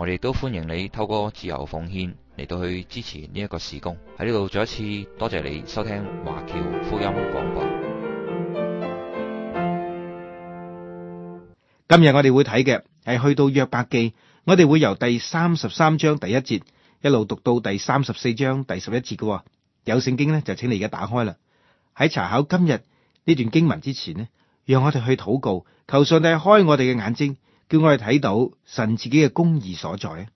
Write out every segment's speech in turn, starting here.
我哋都歡迎你透過自由奉獻嚟到去支持呢一個事工。喺呢度再一次多謝你收聽華僑福音廣播。今日我哋會睇嘅係去到約伯記，我哋會由第三十三章第一節一路讀到第三十四章第十一節嘅。有聖經呢，就請你而家打開啦。喺查考今日呢段經文之前呢，讓我哋去禱告，求上帝開我哋嘅眼睛。叫我哋睇到神自己嘅公義所在。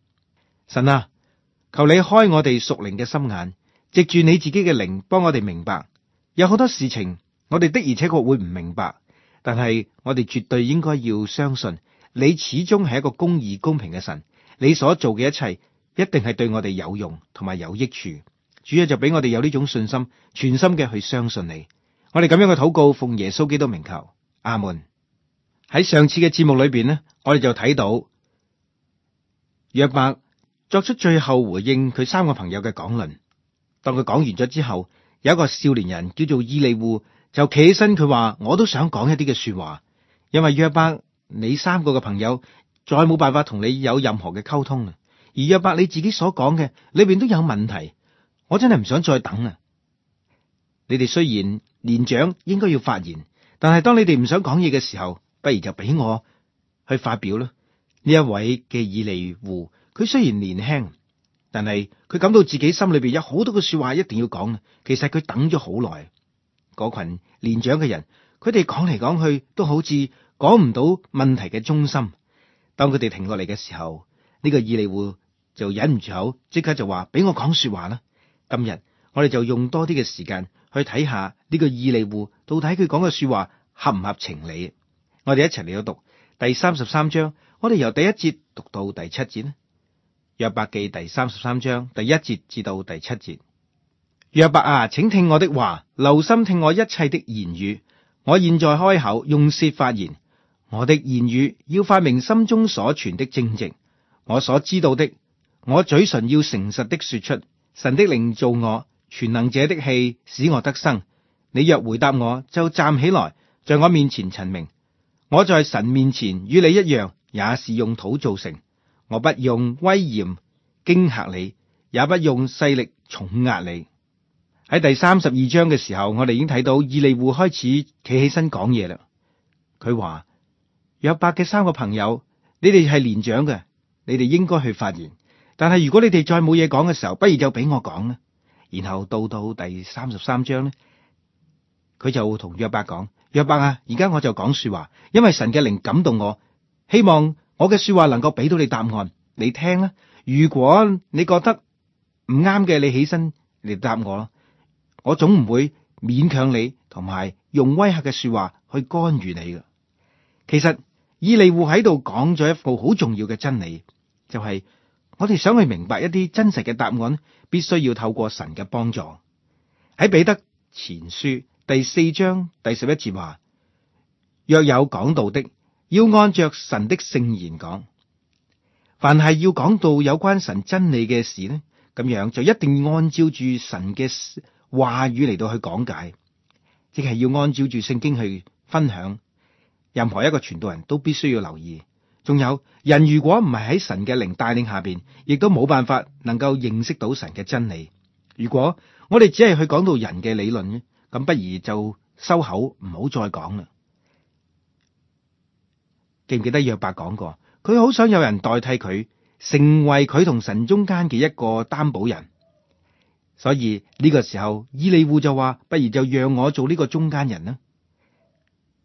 神啊，求你開我哋屬靈嘅心眼，藉住你自己嘅靈，幫我哋明白有好多事情我哋的而且確會唔明白，但係我哋絕對應該要相信你始終係一個公義公平嘅神，你所做嘅一切一定係對我哋有用同埋有益處。主啊，就俾我哋有呢種信心，全心嘅去相信你。我哋咁樣去禱告奉耶穌基督名求，阿門。喺上次嘅節目裏邊咧，我哋就睇到約伯作出最後回應佢三個朋友嘅講論。當佢講完咗之後，有一個少年人叫做伊利戶就企起身，佢話：我都想講一啲嘅說話，因為約伯，你三個嘅朋友再冇辦法同你有任何嘅溝通啦。而約伯你自己所講嘅裏邊都有問題，我真係唔想再等啦。你哋雖然年長，應該要發言，但係當你哋唔想講嘢嘅時候，不如就俾我去發表啦。呢一位嘅以利戶，佢雖然年輕，但係佢感到自己心裏邊有好多嘅說話一定要講。其實佢等咗好耐。嗰群年長嘅人，佢哋講嚟講去都好似講唔到問題嘅中心。當佢哋停落嚟嘅時候，呢個以利戶就忍唔住口，即刻就話俾我講說話啦。今日我哋就用多啲嘅時間去睇下呢個以利戶到底佢講嘅說話合唔合情理。我哋一齊嚟到讀第三十三章。我哋由第一節讀到第七節呢？約伯記第三十三章第一節至到第七節。約伯啊，請聽我的話，留心聽我一切的言語。我現在開口用舌發言，我的言語要發明心中所傳的正直。我所知道的，我嘴唇要誠實的說出。神的靈造我，全能者的氣使我得生。你若回答我，就站起來，在我面前陳明。我在神面前與你一樣，也是用土造成。我不用威嚴驚嚇你，也不用勢力重壓你。喺第三十二章嘅時候，我哋已經睇到以利戶開始企起身講嘢啦。佢話約伯嘅三個朋友，你哋係連長嘅，你哋應該去發言。但係如果你哋再冇嘢講嘅時候，不如就俾我講啦。然後到到第三十三章呢，佢就同約伯講。約伯啊，而家我就講說話，因為神嘅靈感動我，希望我嘅說話能夠俾到你答案，你聽啦。如果你覺得唔啱嘅，你起身嚟答我咯。我總唔會勉強你，同埋用威嚇嘅說話去干預你噶。其實，以利戶喺度講咗一部好重要嘅真理，就係我哋想去明白一啲真實嘅答案，必須要透過神嘅幫助。喺彼得前書。第四章第十一節話：若有講道的，要按着神的聖言講。凡係要講到有關神真理嘅事呢，咁樣就一定要按照住神嘅話語嚟到去講解，即係要按照住聖經去分享。任何一個傳道人都必須要留意。仲有人如果唔係喺神嘅靈帶領下邊，亦都冇辦法能夠認識到神嘅真理。如果我哋只係去講到人嘅理論呢？咁，不如就收口，唔好再講啦。記唔記得約伯講過，佢好想有人代替佢，成為佢同神中間嘅一個擔保人。所以呢個時候，以利戶就話：不如就讓我做呢個中間人啦。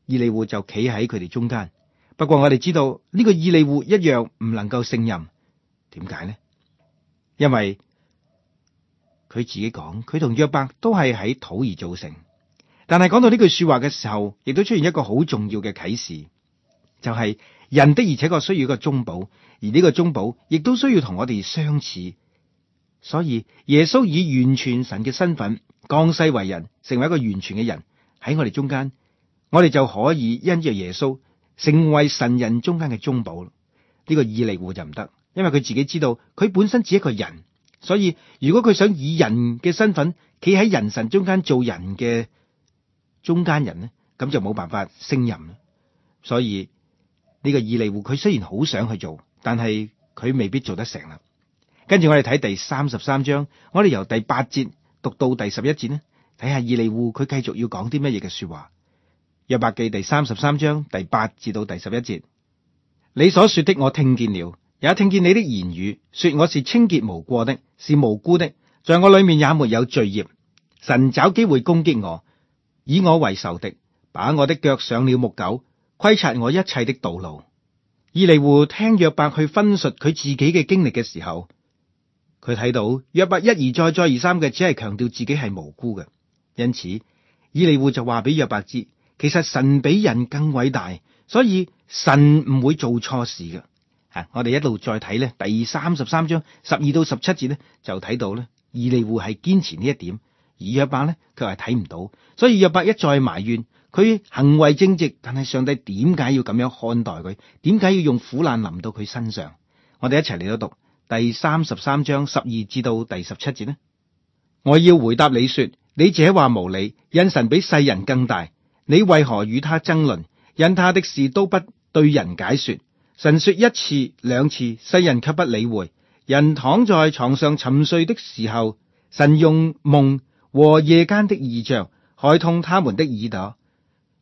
以利戶就企喺佢哋中間。不過我哋知道呢個以利戶一樣唔能夠勝任。點解呢？因為，佢自己講，佢同約伯都係喺土而造成，但係講到呢句說話嘅時候，亦都出現一個好重要嘅啟示，就係、是、人的確需要一個中保，而呢個中保亦都需要同我哋相似，所以耶穌以完全神嘅身份降世為人，成為一個完全嘅人喺我哋中間，我哋就可以因着耶穌成為神人中間嘅中保呢。這個以利戶就唔得，因為佢自己知道佢本身只係一個人。所以，如果佢想以人嘅身份企喺人神中間做人嘅中間人咧，咁就冇辦法勝任啦。所以呢個以利戶佢雖然好想去做，但係佢未必做得成啦。跟住我哋睇第三十三章，我哋由第八節讀到第十一節咧，睇下以利戶佢繼續要講啲乜嘢嘅說話。約伯記第三十三章第八節到第十一節，你所說的我聽見了。也聽見你的言語，說我是清潔無過的，是無辜的，在我裏面也沒有罪孽。神找機會攻擊我，以我為仇敵，把我的腳上了木狗，窺察我一切的道路。以利戶聽約伯去分述佢自己嘅經歷嘅時候，佢睇到約伯一而再再而三嘅只係強調自己係無辜嘅，因此以利戶就話俾約伯知，其實神比人更偉大，所以神唔會做錯事嘅。我哋一路再睇呢，第三三呢，呢，呢再，第三十三章十二到十七節呢，就睇到呢：「以利戶係堅持呢一點，而約伯呢，佢係睇唔到，所以約伯一再埋怨，佢行為正直，但係上帝點解要咁樣看待佢？點解要用苦難臨到佢身上？我哋一齊嚟到讀第三十三章十二至到第十七節呢。我要回答你說：你這話無理，因神比世人更大，你為何與他爭論？因他的事都不對人解說。神說一次兩次，世人卻不理會。人躺在床上沉睡的時候，神用夢和夜間的異象，開通他們的耳朵，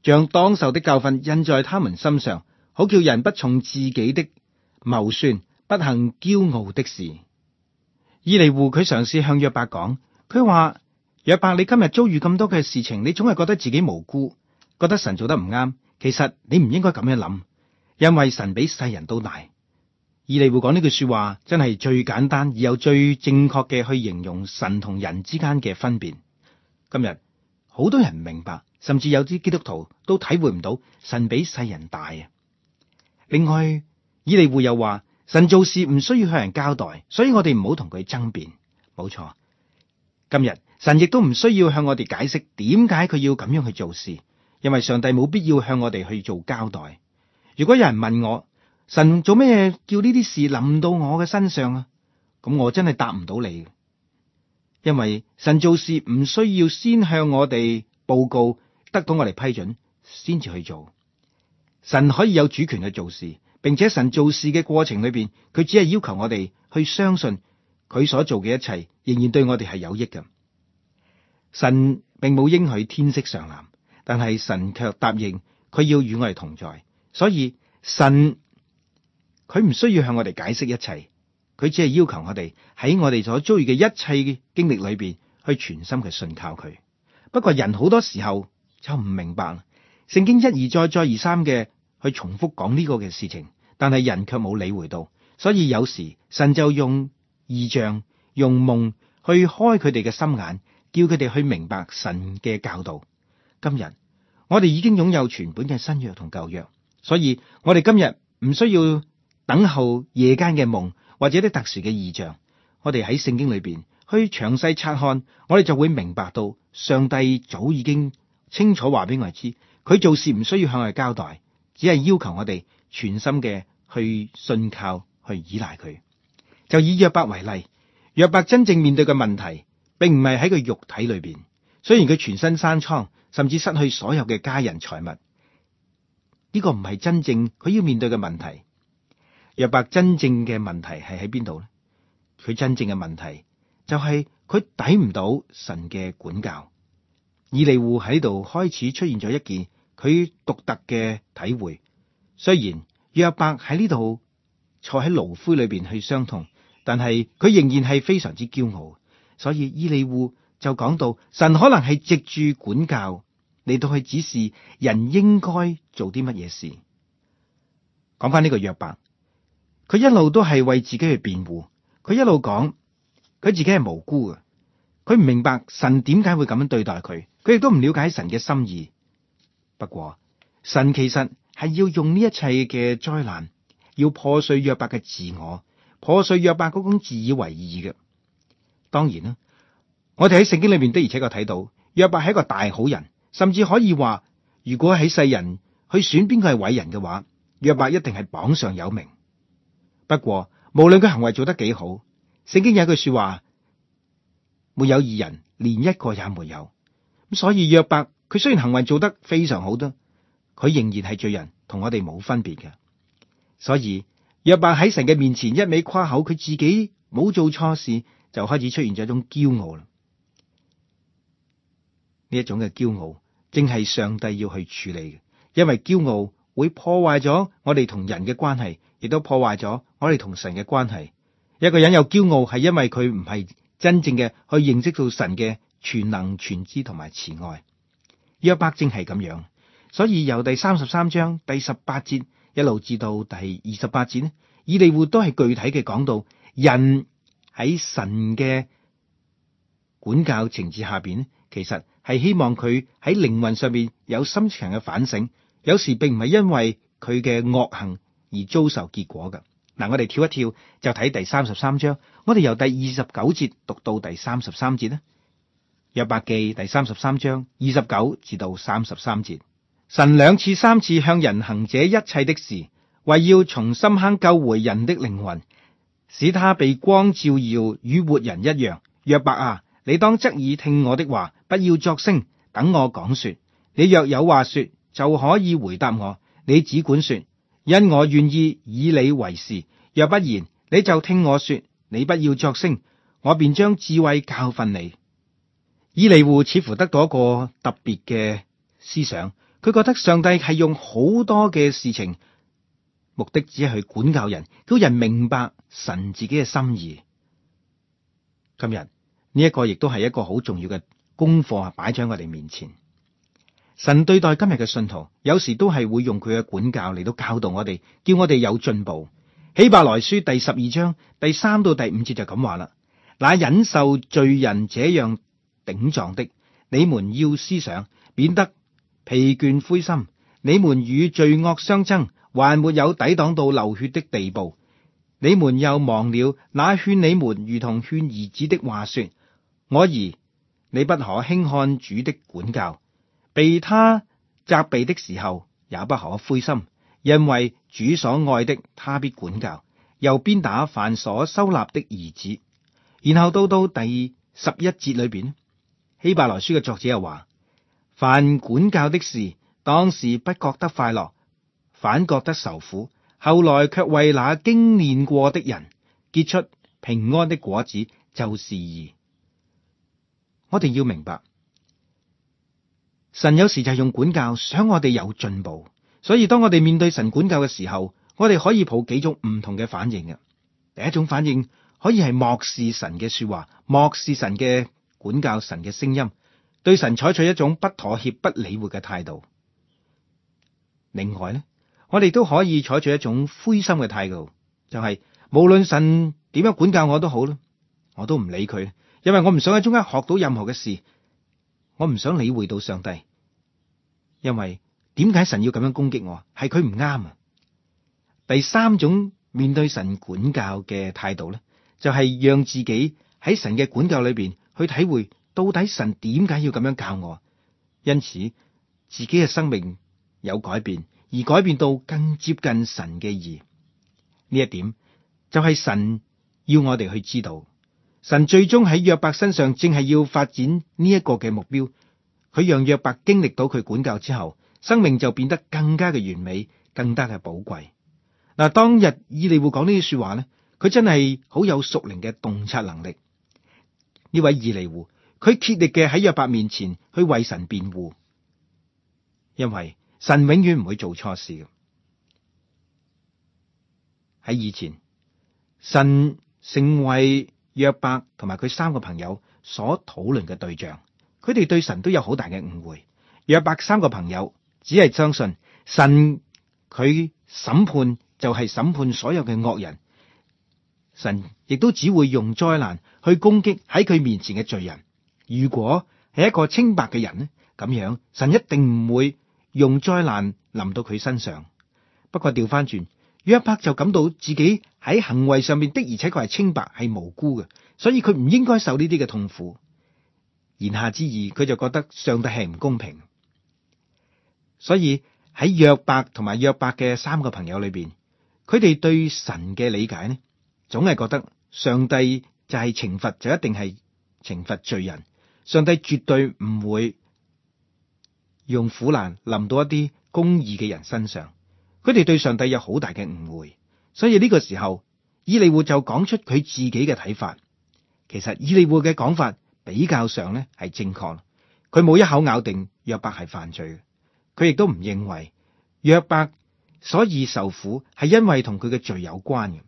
將當受的教訓印在他們心上，好叫人不從自己的謀算，不行驕傲的事。以利戶佢嘗試向約伯講，佢話：約伯，你今日遭遇咁多嘅事情，你總係覺得自己無辜，覺得神做得唔啱。其實你唔應該咁樣諗。因為神比世人都大，以利戶講呢句說話真係最簡單而又最正確嘅，去形容神同人之間嘅分別。今日好多人唔明白，甚至有啲基督徒都體會唔到神比世人大啊。另外，以利戶又話：神做事唔需要向人交代，所以我哋唔好同佢爭辯。冇錯，今日神亦都唔需要向我哋解釋點解佢要咁樣去做事，因為上帝冇必要向我哋去做交代。如果有人問我神做咩叫呢啲事臨到我嘅身上啊？咁我真係答唔到你，因為神做事唔需要先向我哋報告，得到我哋批准先至去做。神可以有主權去做事，並且神做事嘅過程裏邊，佢只係要求我哋去相信佢所做嘅一切，仍然對我哋係有益嘅。神並冇應許天色常藍，但係神卻答應佢要與我哋同在。所以神佢唔需要向我哋解釋一切，佢只係要求我哋喺我哋所遭遇嘅一切嘅經歷裏邊去全心去信靠佢。不過人好多時候就唔明白啦，聖經一而再、再而三嘅去重複講呢個嘅事情，但係人卻冇理會到。所以有時神就用異象、用夢去開佢哋嘅心眼，叫佢哋去明白神嘅教導。今日我哋已經擁有全本嘅新約同舊約。所以，我哋今日唔需要等候夜間嘅夢或者啲特殊嘅異象，我哋喺聖經裏邊去詳細察看，我哋就會明白到上帝早已經清楚話俾我哋知，佢做事唔需要向外交代，只係要求我哋全心嘅去信靠、去依賴佢。就以約伯為例，約伯真正面對嘅問題，並唔係喺佢肉體裏邊，雖然佢全身生瘡，甚至失去所有嘅家人財物。呢個唔係真正佢要面對嘅問題，約伯真正嘅問題係喺邊度呢？佢真正嘅問題就係佢抵唔到神嘅管教。伊利戶喺度開始出現咗一件佢獨特嘅體會，雖然約伯喺呢度坐喺爐灰裏邊去傷痛，但係佢仍然係非常之驕傲，所以伊利戶就講到神可能係藉住管教。嚟到去指示人應該做啲乜嘢事。講翻呢個約伯，佢一路都係為自己去辯護，佢一路講佢自己係無辜嘅，佢唔明白神點解會咁樣對待佢，佢亦都唔了解神嘅心意。不過神其實係要用呢一切嘅災難，要破碎約伯嘅自我，破碎約伯嗰種自以為義嘅。當然啦，我哋喺聖經裏面的而且確睇到約伯係一個大好人。甚至可以話，如果喺世人去選邊個係偉人嘅話，約伯一定係榜上有名。不過，無論佢行為做得幾好，聖經有句說話，沒有義人，連一個也沒有。咁所以若，約伯佢雖然行為做得非常好，多佢仍然係罪人，同我哋冇分別嘅。所以，約伯喺神嘅面前一味誇口，佢自己冇做錯事，就開始出現咗一種驕傲啦。呢一種嘅驕傲。正係上帝要去處理嘅，因為驕傲會破壞咗我哋同人嘅關係，亦都破壞咗我哋同神嘅關係。一個人有驕傲，係因為佢唔係真正嘅去認識到神嘅全能全知同埋慈愛。約伯正係咁樣，所以由第三十三章第十八節一路至到第二十八節呢，以利戶都係具體嘅講到人喺神嘅管教情節下邊，其實。係希望佢喺靈魂上面有深切嘅反省，有時並唔係因為佢嘅惡行而遭受結果嘅。嗱，我哋跳一跳就睇第三十三章，我哋由第二十九節讀到第三十三節啦。約伯記第三十三章二十九至到三十三節，神兩次三次向人行者一切的事，為要從深坑救回人的靈魂，使他被光照耀，與活人一樣。約伯啊！你當側耳聽我的話，不要作聲，等我講說。你若有話說，就可以回答我。你只管說，因我願意以你為是。若不然，你就聽我說，你不要作聲。我便將智慧教訓你。以利戶似乎得到一個特別嘅思想，佢覺得上帝係用好多嘅事情，目的只係去管教人，叫人明白神自己嘅心意。今日。呢一個亦都係一個好重要嘅功課啊！擺喺我哋面前，神對待今日嘅信徒，有時都係會用佢嘅管教嚟到教導我哋，叫我哋有進步。希伯來書第十二章第三到第五節就咁話啦：那忍受罪人這樣頂撞的，你們要思想，免得疲倦灰心；你們與罪惡相爭，還沒有抵擋到流血的地步，你們又忘了那勸你們如同勸兒子的話說。我兒，你不可輕看主的管教，被他責備的時候，也不可灰心，因為主所愛的，他必管教，又鞭打凡所收納的兒子。然後到到第十一節裏邊呢，希伯來書嘅作者又話：凡管教的事，當時不覺得快樂，反覺得受苦；後來卻為那經練過的人結出平安的果子，就是義。我哋要明白，神有時就係用管教想我哋有進步，所以當我哋面對神管教嘅時候，我哋可以抱幾種唔同嘅反應嘅。第一種反應可以係漠視神嘅說話，漠視神嘅管教，神嘅聲音，對神採取一種不妥協、不理會嘅態度。另外呢，我哋都可以採取一種灰心嘅態度，就係、是、無論神點樣管教我都好啦，我都唔理佢。因為我唔想喺中間學到任何嘅事，我唔想理會到上帝。因為點解神要咁樣攻擊我？係佢唔啱啊！第三種面對神管教嘅態度咧，就係讓自己喺神嘅管教裏邊去體會到底神點解要咁樣教我，因此自己嘅生命有改變，而改變到更接近神嘅義。呢一點就係神要我哋去知道。神最終喺約伯身上，正係要發展呢一個嘅目標。佢讓約伯經歷到佢管教之後，生命就變得更加嘅完美，更加嘅寶貴。嗱，當日以利戶講呢啲說話呢，佢真係好有屬靈嘅洞察能力。呢位以利戶，佢竭力嘅喺約伯面前去為神辯護，因為神永遠唔會做錯事嘅。喺以前，神成為約伯同埋佢三個朋友所討論嘅對象，佢哋對神都有好大嘅誤會。約伯三個朋友只係相信神，佢審判就係審判所有嘅惡人，神亦都只會用災難去攻擊喺佢面前嘅罪人。如果係一個清白嘅人呢？咁樣神一定唔會用災難臨到佢身上。不過調返轉。約伯就感到自己喺行為上面的，而且佢係清白係無辜嘅，所以佢唔應該受呢啲嘅痛苦。言下之意，佢就覺得上帝係唔公平。所以喺約伯同埋約伯嘅三個朋友裏邊，佢哋對神嘅理解呢，總係覺得上帝就係懲罰，就一定係懲罰罪人。上帝絕對唔會用苦難臨到一啲公義嘅人身上。佢哋對上帝有好大嘅誤會，所以呢個時候，以利戶就講出佢自己嘅睇法。其實以利戶嘅講法比較上咧係正確，佢冇一口咬定約伯係犯罪，佢亦都唔認為約伯所以受苦係因為同佢嘅罪有關嘅，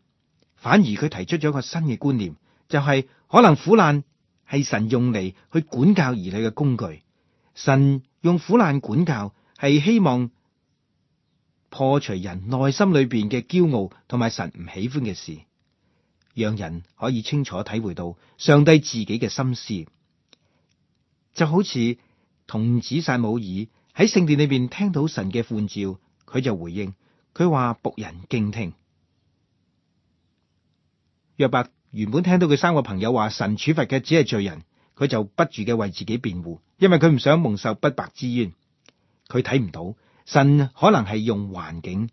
反而佢提出咗一個新嘅觀念，就係、是、可能苦難係神用嚟去管教兒女嘅工具，神用苦難管教係希望破除人內心裏邊嘅驕傲同埋神唔喜歡嘅事，讓人可以清楚體會到上帝自己嘅心思，就好似童子撒母耳喺聖殿裏邊聽到神嘅呼召，佢就回應，佢話僕人敬聽。約伯原本聽到佢三個朋友話神處罰嘅只係罪人，佢就不住嘅為自己辯護，因為佢唔想蒙受不白之冤，佢睇唔到。神可能係用環境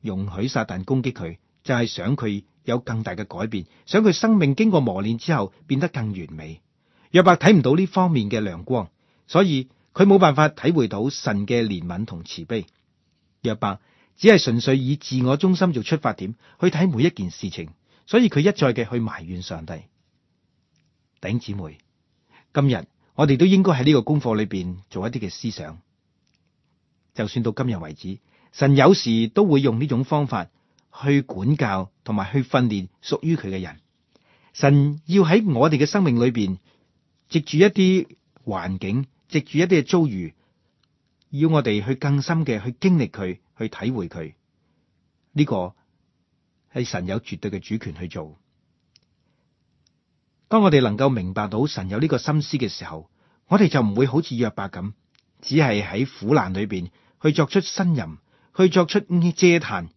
容許撒旦攻擊佢，就係、是、想佢有更大嘅改變，想佢生命經過磨練之後變得更完美。約伯睇唔到呢方面嘅亮光，所以佢冇辦法體會到神嘅憐憫同慈悲。約伯只係純粹以自我中心做出發點去睇每一件事情，所以佢一再嘅去埋怨上帝。頂姊妹，今日我哋都應該喺呢個功課裏邊做一啲嘅思想。就算到今日為止，神有時都會用呢種方法去管教同埋去訓練屬於佢嘅人。神要喺我哋嘅生命裏邊，藉住一啲環境，藉住一啲嘅遭遇，要我哋去更深嘅去經歷佢，去體會佢。呢、這個係神有絕對嘅主權去做。當我哋能夠明白到神有呢個心思嘅時候，我哋就唔會好似約伯咁。只係喺苦難裏邊去作出呻吟，去作出嗟嘆。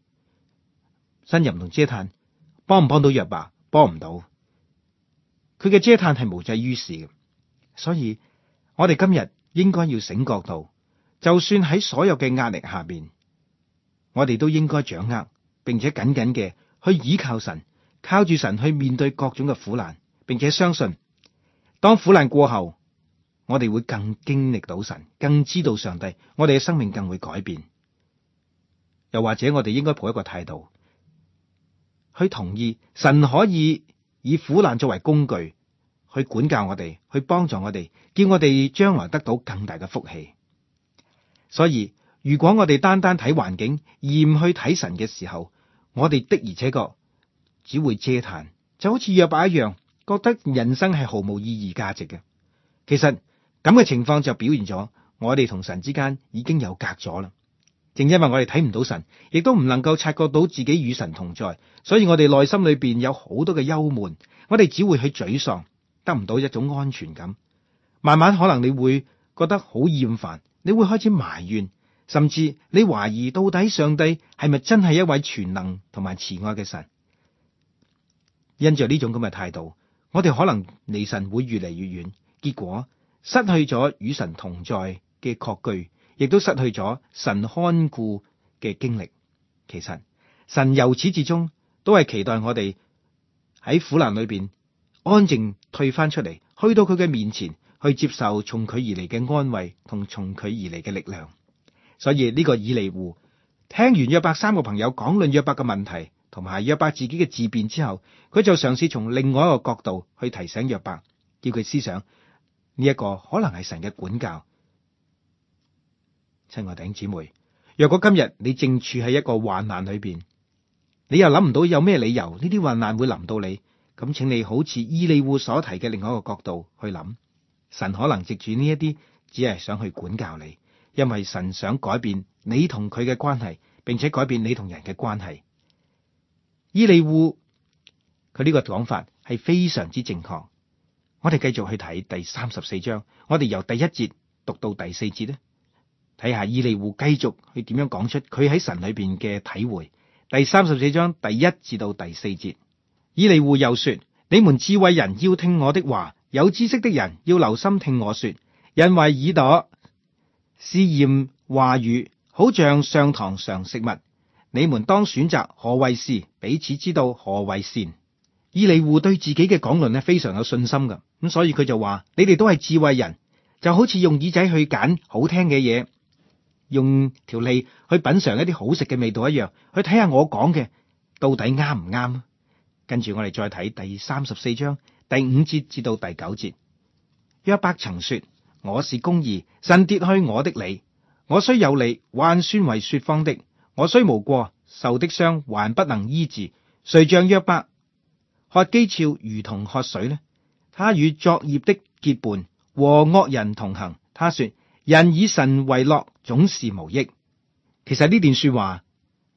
呻吟同嗟嘆幫唔幫到約伯？幫唔到。佢嘅嗟嘆係無濟於事嘅。所以我哋今日應該要醒覺到，就算喺所有嘅壓力下邊，我哋都應該掌握，並且緊緊嘅去倚靠神，靠住神去面對各種嘅苦難，並且相信當苦難過後。我哋會更經歷到神，更知道上帝，我哋嘅生命更會改變。又或者我哋應該抱一個態度，去同意神可以以苦難作為工具，去管教我哋，去幫助我哋，叫我哋將來得到更大嘅福氣。所以，如果我哋單單睇環境而唔去睇神嘅時候，我哋的而且確只會嗟嘆，就好似約伯一樣，覺得人生係毫無意義價值嘅。其實。咁嘅情況就表現咗，我哋同神之間已經有隔咗啦。正因為我哋睇唔到神，亦都唔能夠察覺到自己與神同在，所以我哋內心裏邊有好多嘅憂悶，我哋只會去沮喪，得唔到一種安全感。慢慢可能你會覺得好厭煩，你會開始埋怨，甚至你懷疑到底上帝係咪真係一位全能同埋慈愛嘅神？因着呢種咁嘅態度，我哋可能離神會越嚟越遠，結果，失去咗與神同在嘅確據，亦都失去咗神看顧嘅經歷。其實神由始至終都係期待我哋喺苦難裏邊安靜退翻出嚟，去到佢嘅面前去接受從佢而嚟嘅安慰同從佢而嚟嘅力量。所以呢，這個以利戶聽完約伯三個朋友講論約伯嘅問題，同埋約伯自己嘅自辯之後，佢就嘗試從另外一個角度去提醒約伯，叫佢思想。呢一個可能係神嘅管教，親愛弟兄姊妹，若果今日你正處喺一個患難裏邊，你又諗唔到有咩理由呢啲患難會臨到你，咁請你好似伊利戶所提嘅另外一個角度去諗，神可能藉住呢一啲，只係想去管教你，因為神想改變你同佢嘅關係，並且改變你同人嘅關係。伊利戶佢呢個講法係非常之正確。我哋繼續去睇第三十四章，我哋由第一節讀到第四節呢，睇下以利戶繼續去點樣講出佢喺神裏邊嘅體會。第三十四章第一至到第四節，以利戶又說：你們智慧人要聽我的話，有知識的人要留心聽我說，因為耳朵試驗話語，好像上堂嘗食物。你們當選擇何為是，彼此知道何為善。以利戶對自己嘅講論呢，非常有信心噶，咁所以佢就話：你哋都係智慧人，就好似用耳仔去揀好聽嘅嘢，用條脷，去品嘗一啲好食嘅味道一樣，去睇下我講嘅到底啱唔啱。跟住我哋再睇第三十四章第五節至到第九節。約伯曾說：我是公義，神奪去我的理，我雖有理，還算為說謊的；我雖無過，受的傷還不能醫治。誰像約伯？喝譏誚如同喝水呢？他與作孽的結伴，和惡人同行。他說：人以神為樂，總是無益。其實呢段說話，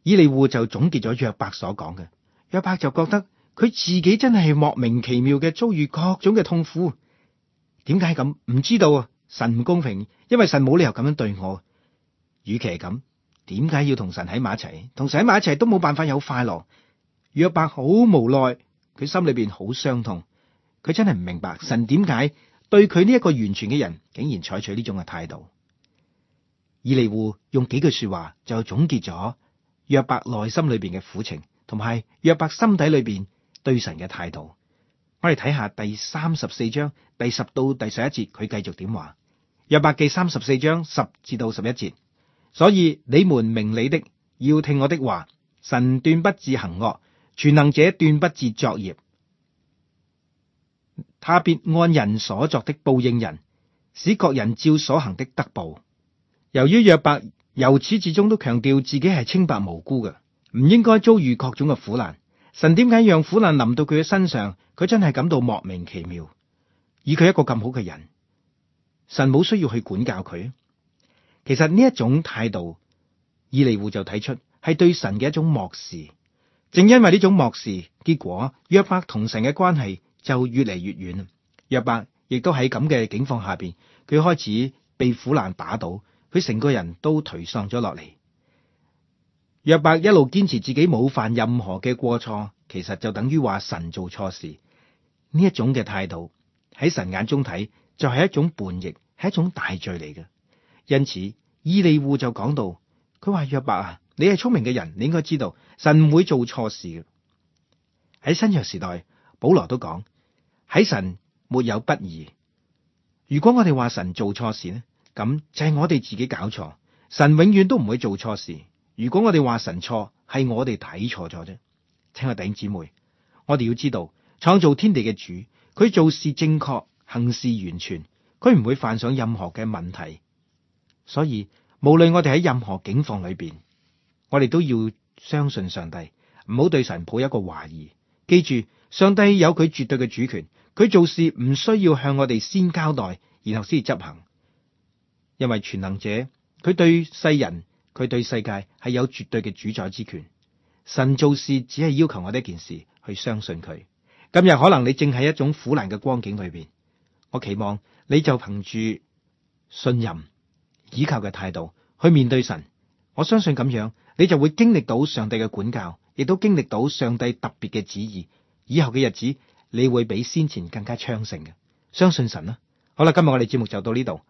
以利戶就總結咗約伯所講嘅。約伯就覺得佢自己真係莫名其妙嘅遭遇各種嘅痛苦，點解咁？唔知道啊！神唔公平，因為神冇理由咁樣對我。與其係咁，點解要同神喺埋一齊？同神喺埋一齊都冇辦法有快樂。約伯好無奈。佢心裏邊好傷痛，佢真係唔明白神點解對佢呢一個完全嘅人，竟然採取呢種嘅態度。以利戶用幾句說話就總結咗約伯內心裏邊嘅苦情，同埋約伯心底裏邊對神嘅態度。我哋睇下第三十四章第十到第十一節，佢繼續點話？約伯記三十四章十至到十一節，所以你們明理的要聽我的話，神斷不致行惡。全能者斷不致作孽，他必按人所作的報應人，使各人照所行的得報。由於約伯由始至終都強調自己係清白無辜嘅，唔應該遭遇各種嘅苦難，神點解讓苦難臨到佢嘅身上？佢真係感到莫名其妙。以佢一個咁好嘅人，神冇需要去管教佢。其實呢一種態度，以利戶就睇出係對神嘅一種漠視。正因為呢種漠視，結果約伯同神嘅關係就越嚟越遠。約伯亦都喺咁嘅境況下邊，佢開始被苦難打倒，佢成個人都頹喪咗落嚟。約伯一路堅持自己冇犯任何嘅過錯，其實就等於話神做錯事。呢一種嘅態度喺神眼中睇，就係一種叛逆，係一種大罪嚟嘅。因此，伊利戶就講到，佢話約伯啊。你係聰明嘅人，你應該知道神唔會做錯事。喺新約時代，保羅都講喺神沒有不義。如果我哋話神做錯事咧，咁就係我哋自己搞錯。神永遠都唔會做錯事。如果我哋話神錯，係我哋睇錯咗啫。親愛嘅弟兄姊妹，我哋要知道創造天地嘅主，佢做事正確，行事完全，佢唔會犯上任何嘅問題。所以無論我哋喺任何境況裏邊。我哋都要相信上帝，唔好對神抱一個懷疑。記住，上帝有佢絕對嘅主權，佢做事唔需要向我哋先交代，然後先執行。因為全能者，佢對世人，佢對世界係有絕對嘅主宰之權。神做事只係要求我哋一件事，去相信佢。今日可能你正喺一種苦難嘅光景裏邊，我期望你就憑住信任、依靠嘅態度去面對神。我相信咁樣。你就會經歷到上帝嘅管教，亦都經歷到上帝特別嘅旨意。以後嘅日子，你會比先前更加昌盛嘅。相信神啦，啊。好啦，今日我哋節目就到呢度。